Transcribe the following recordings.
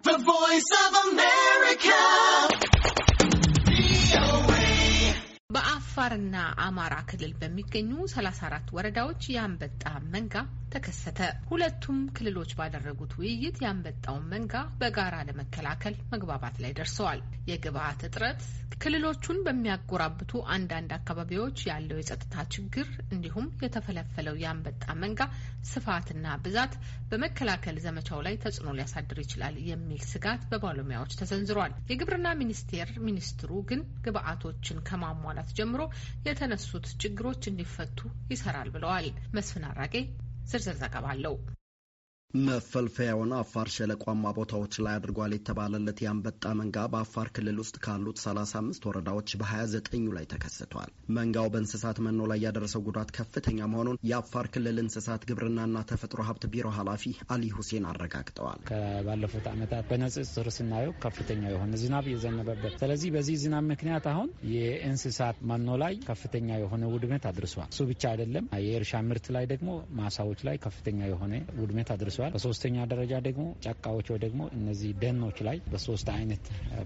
The Voice of America. በአፋርና አማራ ክልል በሚገኙ 34 ወረዳዎች የአንበጣ መንጋ ተከሰተ። ሁለቱም ክልሎች ባደረጉት ውይይት የአንበጣውን መንጋ በጋራ ለመከላከል መግባባት ላይ ደርሰዋል። የግብአት እጥረት፣ ክልሎቹን በሚያጎራብቱ አንዳንድ አካባቢዎች ያለው የጸጥታ ችግር እንዲሁም የተፈለፈለው የአንበጣ መንጋ ስፋትና ብዛት በመከላከል ዘመቻው ላይ ተጽዕኖ ሊያሳድር ይችላል የሚል ስጋት በባለሙያዎች ተሰንዝሯል። የግብርና ሚኒስቴር ሚኒስትሩ ግን ግብዓቶችን ከማሟላት ጀምሮ የተነሱት ችግሮች እንዲፈቱ ይሰራል ብለዋል። መስፍን አራጌ ዝርዝር ዘገባ አለው። መፈልፈያውን አፋር ሸለቋማ ቦታዎች ላይ አድርጓል የተባለለት የአንበጣ መንጋ በአፋር ክልል ውስጥ ካሉት 35 ወረዳዎች በ29ኙ ላይ ተከስቷል። መንጋው በእንስሳት መኖ ላይ ያደረሰው ጉዳት ከፍተኛ መሆኑን የአፋር ክልል እንስሳት ግብርናና ተፈጥሮ ሀብት ቢሮ ኃላፊ አሊ ሁሴን አረጋግጠዋል። ከባለፉት ዓመታት በንጽጽር ስናየው ከፍተኛ የሆነ ዝናብ የዘነበበት፣ ስለዚህ በዚህ ዝናብ ምክንያት አሁን የእንስሳት መኖ ላይ ከፍተኛ የሆነ ውድመት አድርሷል። እሱ ብቻ አይደለም፣ የእርሻ ምርት ላይ ደግሞ ማሳዎች ላይ ከፍተኛ የሆነ ውድመት አድርሷል። ደርሰዋል። በሶስተኛ ደረጃ ደግሞ ጫካዎች ወይ ደግሞ እነዚህ ደኖች ላይ በሶስት አይነት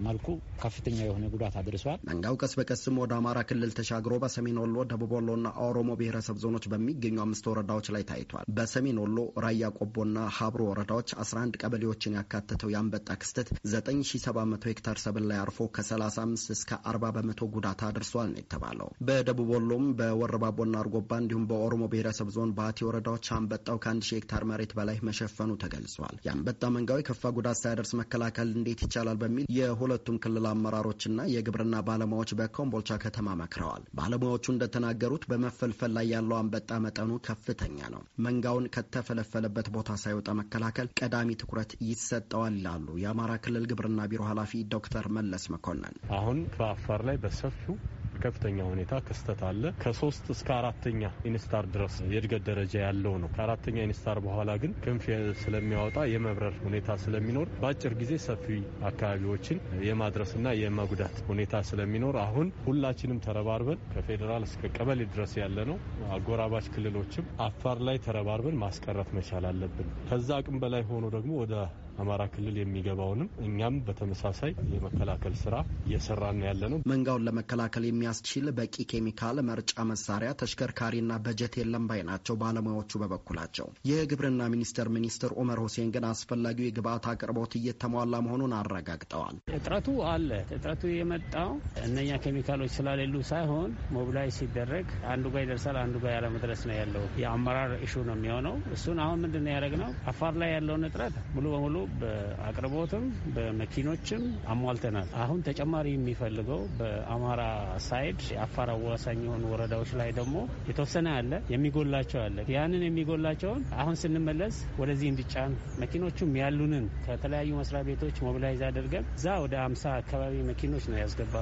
መልኩ ከፍተኛ የሆነ ጉዳት አድርሰዋል። መንጋው ቀስ በቀስም ወደ አማራ ክልል ተሻግሮ በሰሜን ወሎ፣ ደቡብ ወሎና ኦሮሞ ብሔረሰብ ዞኖች በሚገኙ አምስት ወረዳዎች ላይ ታይቷል። በሰሜን ወሎ ራያ ቆቦና ሀብሮ ወረዳዎች 11 ቀበሌዎችን ያካተተው የአንበጣ ክስተት 9700 ሄክታር ሰብል ላይ አርፎ ከ35 እስከ 40 በመቶ ጉዳት አድርሷል ነው የተባለው። በደቡብ ወሎም በወረባቦና አርጎባ እንዲሁም በኦሮሞ ብሔረሰብ ዞን ባቲ ወረዳዎች አንበጣው ከ1000 ሄክታር መሬት በላይ መሸ እንደተሸፈኑ ተገልጿል። የአንበጣ መንጋው የከፋ ጉዳት ሳያደርስ መከላከል እንዴት ይቻላል በሚል የሁለቱም ክልል አመራሮችና የግብርና ባለሙያዎች በኮምቦልቻ ከተማ መክረዋል። ባለሙያዎቹ እንደተናገሩት በመፈልፈል ላይ ያለው አንበጣ መጠኑ ከፍተኛ ነው። መንጋውን ከተፈለፈለበት ቦታ ሳይወጣ መከላከል ቀዳሚ ትኩረት ይሰጠዋል ይላሉ የአማራ ክልል ግብርና ቢሮ ኃላፊ ዶክተር መለስ መኮንን። አሁን በአፋር ላይ በሰፊው በከፍተኛ ሁኔታ ክስተት አለ። ከሶስት እስከ አራተኛ ኢንስታር ድረስ የእድገት ደረጃ ያለው ነው። ከአራተኛ ኢንስታር በኋላ ግን ክንፍ ስለሚያወጣ የመብረር ሁኔታ ስለሚኖር በአጭር ጊዜ ሰፊ አካባቢዎችን የማድረስና የመጉዳት ሁኔታ ስለሚኖር አሁን ሁላችንም ተረባርበን ከፌዴራል እስከ ቀበሌ ድረስ ያለ ነው። አጎራባች ክልሎችም አፋር ላይ ተረባርበን ማስቀረት መቻል አለብን። ከዛ አቅም በላይ ሆኖ ደግሞ ወደ አማራ ክልል የሚገባውንም እኛም በተመሳሳይ የመከላከል ስራ እየሰራን ያለ ነው። መንጋውን ለመከላከል የሚያስችል በቂ ኬሚካል መርጫ መሳሪያ፣ ተሽከርካሪና በጀት የለም ባይ ናቸው ባለሙያዎቹ በበኩላቸው። የግብርና ሚኒስቴር ሚኒስትር ኡመር ሁሴን ግን አስፈላጊው የግብአት አቅርቦት እየተሟላ መሆኑን አረጋግጠዋል። እጥረቱ አለ። እጥረቱ የመጣው እነኛ ኬሚካሎች ስላሌሉ ሳይሆን ሞብላይ ሲደረግ አንዱ ጋር ይደርሳል፣ አንዱ ጋር ያለመድረስ ነው ያለው። የአመራር ኢሹ ነው የሚሆነው። እሱን አሁን ምንድን ነው ያደረግነው? አፋር ላይ ያለውን እጥረት ሙሉ በሙሉ በአቅርቦትም በመኪኖችም አሟልተናል። አሁን ተጨማሪ የሚፈልገው በአማራ ሳይድ የአፋር አዋሳኝ የሆኑ ወረዳዎች ላይ ደግሞ የተወሰነ አለ፣ የሚጎላቸው አለ። ያንን የሚጎላቸውን አሁን ስንመለስ ወደዚህ እንዲጫን መኪኖቹም ያሉንን ከተለያዩ መስሪያ ቤቶች ሞቢላይዝ አድርገን እዛ ወደ አምሳ አካባቢ መኪኖች ነው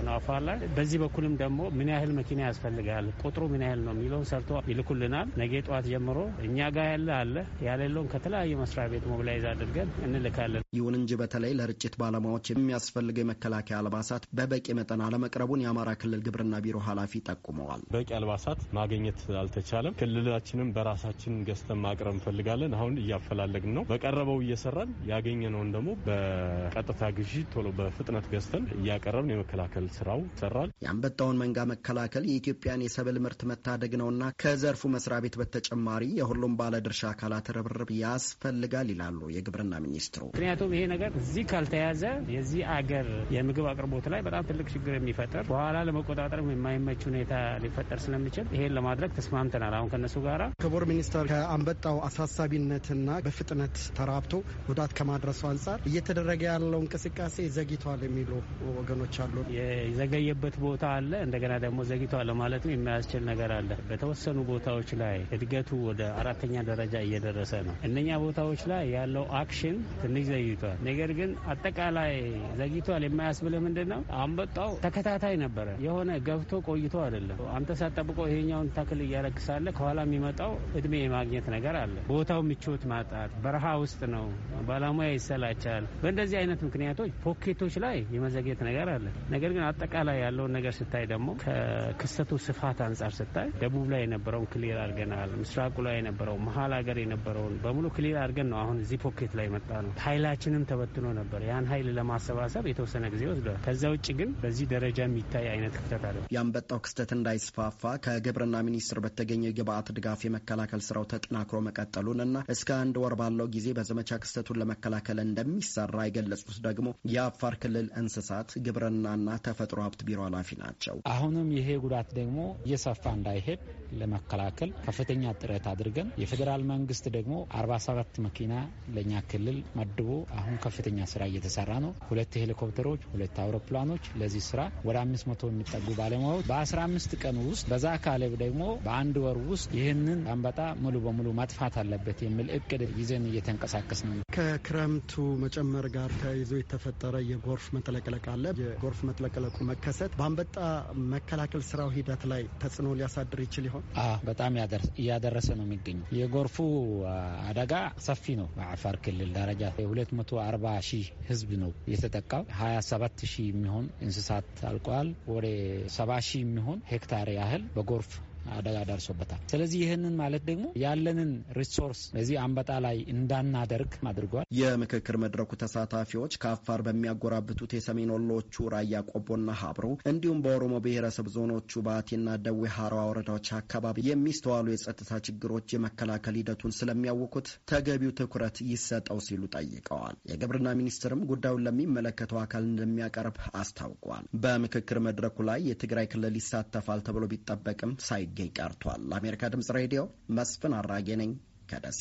ነው አፋር ላይ። በዚህ በኩልም ደግሞ ምን ያህል መኪና ያስፈልጋል ቁጥሩ ምን ያህል ነው የሚለውን ሰርቶ ይልኩልናል። ነገ ጠዋት ጀምሮ እኛ ጋር ያለ አለ ያሌለውን ከተለያዩ መስሪያ ቤት ሞቢላይዝ አድርገን እንለ እንልካለን። ይሁን እንጂ በተለይ ለርጭት ባለሙያዎች የሚያስፈልገው የመከላከያ አልባሳት በበቂ መጠን አለመቅረቡን የአማራ ክልል ግብርና ቢሮ ኃላፊ ጠቁመዋል። በቂ አልባሳት ማግኘት አልተቻለም። ክልላችንም በራሳችን ገዝተን ማቅረብ እንፈልጋለን። አሁን እያፈላለግን ነው። በቀረበው እየሰራን ያገኘነውን ደግሞ በቀጥታ ግዢ ቶሎ በፍጥነት ገዝተን እያቀረብን የመከላከል ስራው ይሰራል። የአንበጣውን መንጋ መከላከል የኢትዮጵያን የሰብል ምርት መታደግ ነውና ከዘርፉ መስሪያ ቤት በተጨማሪ የሁሉም ባለድርሻ አካላት ርብርብ ያስፈልጋል ይላሉ የግብርና ሚኒስትሩ። ሚኒስትሩ። ምክንያቱም ይሄ ነገር እዚህ ካልተያዘ የዚህ አገር የምግብ አቅርቦት ላይ በጣም ትልቅ ችግር የሚፈጥር በኋላ ለመቆጣጠር የማይመች ሁኔታ ሊፈጠር ስለሚችል ይሄን ለማድረግ ተስማምተናል። አሁን ከነሱ ጋር ክቡር ሚኒስተር ከአንበጣው አሳሳቢነትና በፍጥነት ተራብቶ ጉዳት ከማድረሱ አንጻር እየተደረገ ያለው እንቅስቃሴ ዘግይተዋል የሚሉ ወገኖች አሉ። የዘገየበት ቦታ አለ፣ እንደገና ደግሞ ዘግይተዋል ለማለትም የሚያስችል ነገር አለ። በተወሰኑ ቦታዎች ላይ እድገቱ ወደ አራተኛ ደረጃ እየደረሰ ነው። እነኛ ቦታዎች ላይ ያለው አክሽን ትንሽ ዘግይቷል። ነገር ግን አጠቃላይ ዘግይቷል የማያስብልህ ምንድን ነው አንበጣው ተከታታይ ነበረ። የሆነ ገብቶ ቆይቶ አይደለም። አንተ ሳጠብቆ ይሄኛውን ተክል እያረክሳለ ከኋላ የሚመጣው እድሜ የማግኘት ነገር አለ። ቦታው ምቾት ማጣት፣ በረሃ ውስጥ ነው፣ ባለሙያ ይሰላቻል። በእንደዚህ አይነት ምክንያቶች ፖኬቶች ላይ የመዘግየት ነገር አለ። ነገር ግን አጠቃላይ ያለውን ነገር ስታይ ደግሞ ከክስተቱ ስፋት አንጻር ስታይ ደቡብ ላይ የነበረውን ክሊር አድርገናል። ምስራቁ ላይ የነበረው መሀል ሀገር የነበረውን በሙሉ ክሊር አድርገን ነው አሁን እዚህ ፖኬት ላይ መጣ ነው። ኃይላችንም ተበትኖ ነበር። ያን ኃይል ለማሰባሰብ የተወሰነ ጊዜ ወስዷል። ከዛ ውጭ ግን በዚህ ደረጃ የሚታይ አይነት ክፍተት አለ። የአንበጣው ክስተት እንዳይስፋፋ ከግብርና ሚኒስቴር በተገኘ የግብአት ድጋፍ የመከላከል ስራው ተጠናክሮ መቀጠሉን እና እስከ አንድ ወር ባለው ጊዜ በዘመቻ ክስተቱን ለመከላከል እንደሚሰራ የገለጹት ደግሞ የአፋር ክልል እንስሳት ግብርናና ተፈጥሮ ሀብት ቢሮ ኃላፊ ናቸው። አሁንም ይሄ ጉዳት ደግሞ እየሰፋ እንዳይሄድ ለመከላከል ከፍተኛ ጥረት አድርገን የፌዴራል መንግስት ደግሞ 47 መኪና ለእኛ ክልል ተመድቦ አሁን ከፍተኛ ስራ እየተሰራ ነው። ሁለት ሄሊኮፕተሮች፣ ሁለት አውሮፕላኖች ለዚህ ስራ ወደ አምስት መቶ የሚጠጉ ባለሙያዎች በ አምስት ቀን ውስጥ በዛ ካለብ ደግሞ በአንድ ወር ውስጥ ይህንን አንበጣ ሙሉ በሙሉ ማጥፋት አለበት የሚል እቅድ ይዘን እየተንቀሳቀስ ነው። ከክረምቱ መጨመር ጋር ተያይዞ የተፈጠረ የጎርፍ መጥለቅለቅ አለ። የጎርፍ መጥለቅለቁ መከሰት በአንበጣ መከላከል ስራው ሂደት ላይ ተጽዕኖ ሊያሳድር ይችል ይሆን? በጣም እያደረሰ ነው የሚገኘው። የጎርፉ አደጋ ሰፊ ነው። በአፋር ክልል ደረጃ 240 ሺህ ህዝብ ነው የተጠቃው። 27 ሺህ የሚሆን እንስሳት አልቀዋል። ወደ 70 የሚሆን ሄክታር ያህል በጎርፍ አደጋ ደርሶበታል። ስለዚህ ይህንን ማለት ደግሞ ያለንን ሪሶርስ በዚህ አንበጣ ላይ እንዳናደርግ አድርጓል። የምክክር መድረኩ ተሳታፊዎች ከአፋር በሚያጎራብቱት የሰሜን ወሎቹ ራያ ቆቦና ሀብሮ እንዲሁም በኦሮሞ ብሔረሰብ ዞኖቹ ባቲና ደዌ ሀረዋ ወረዳዎች አካባቢ የሚስተዋሉ የጸጥታ ችግሮች የመከላከል ሂደቱን ስለሚያውቁት ተገቢው ትኩረት ይሰጠው ሲሉ ጠይቀዋል። የግብርና ሚኒስትርም ጉዳዩን ለሚመለከተው አካል እንደሚያቀርብ አስታውቋል። በምክክር መድረኩ ላይ የትግራይ ክልል ይሳተፋል ተብሎ ቢጠበቅም ሳይገ ሳይገኝ ቀርቷል። ለአሜሪካ ድምጽ ሬዲዮ መስፍን አራጌ ነኝ ከደሴ